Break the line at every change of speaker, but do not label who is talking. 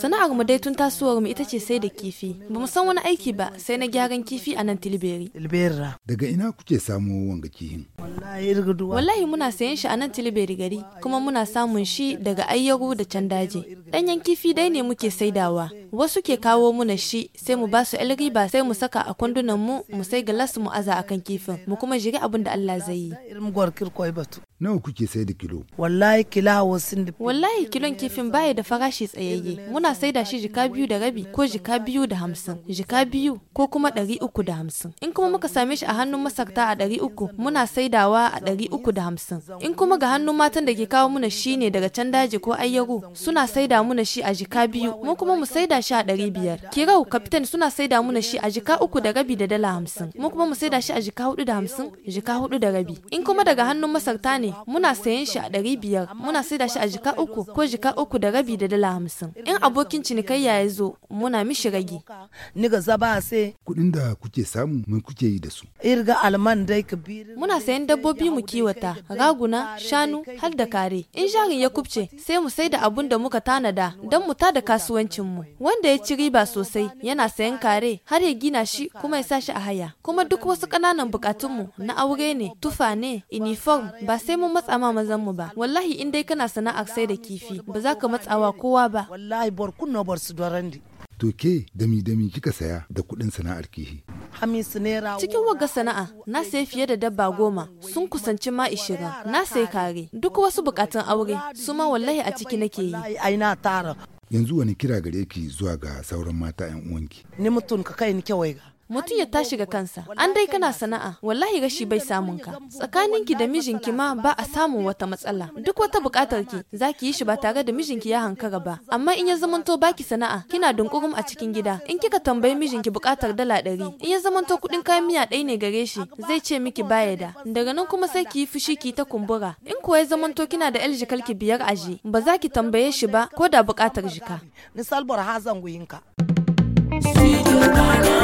Sana'ar mu dai tun tasowar mu ita ce sai da kifi. Ba mu san wani aiki ba sai na gyaran kifi a nan Tilberi.
Daga ina kuke samu wanga kihin?
Wallahi muna sayan shi a nan Tilberi gari kuma muna samun shi daga ayyaru da can daji. Ɗanyen kifi dai ne muke saidawa. Wasu ke kawo muna shi sai mu basu ‘yan riba sai mu saka a kwandunan mu mu sai galas mu aza akan kifin mu kuma jiri abin da Allah zai yi.
Nawa kuke sai da kilo? Wallahi kila wasin da.
Wallahi kilon kifin baya da farashi tsayayye. Muna saida shi jika biyu da rabi ko jika biyu da hamsin, jika biyu ko kuma ɗari uku da hamsin. In kuma muka same shi a hannun masarta a ɗari uku muna saidawa a ɗari uku da hamsin. In kuma ga hannun matan da ke kawo muna shi ne daga can daji ko ayyaru suna saida mu muna shi a jika biyu mu kuma mu saida shi a ɗari biyar kirau kapitan suna saida muna shi a jika uku da rabi da dala hamsin mu kuma mu saida shi a jika hudu da hamsin jika hudu da rabi in kuma daga hannun masarta ne muna sayan shi a ɗari biyar muna saida shi a jika uku ko jika uku da rabi da dala hamsin in abokin cinikayya ya zo muna mishi rage. ni ga zaba sai.
kuɗin da kuke samu mun kuke yi da su.
irga alman dai kabir. muna sayan dabbobi mu kiwata raguna shanu har da kare in jarin ya kubce sai mu saida abun da muka tana Canada don mu tada kasuwancinmu wanda ya ci riba sosai yana sayan kare har ya gina shi kuma ya sa shi a haya kuma duk wasu ƙananan mu na aure ne tufa ne uniform ba sai mun matsa ma mazan mu ba wallahi in dai kana sana'ar sai da kifi ba za ka matsawa kowa ba wallahi bor dorandi
to ke dami dami kika saya da kuɗin sana'ar kifi.
Cikin wagga sana'a na sayi fiye da dabba goma sun kusanci ma ishira na sayi kare duk wasu bukatun aure su ma wallahi a ciki nake yi.
Yanzu wani kira gare ki zuwa ga sauran mata 'yan uwanki.
Ni mutun ka kai ni kyawai ga. mutum ya tashi ga kansa an dai kana sana'a wallahi gashi bai samun ka ki da mijinki ma ba a samun wata matsala duk wata buƙatar ki zaki yi shi ba tare da mijinki ya hankara ba amma in ya zamanto baki sana'a kina dunkurum a cikin gida in kika tambayi mijinki buƙatar dala ɗari in ya zamanto kuɗin kayan miya ɗaya ne gare shi zai ce miki baya da daga nan kuma sai ki yi fushi ki ta kumbura in kuwa ya zamanto kina da yar jikalki biyar aji ba za ki tambaye shi ba ko da buƙatar jika. Studio Ghana.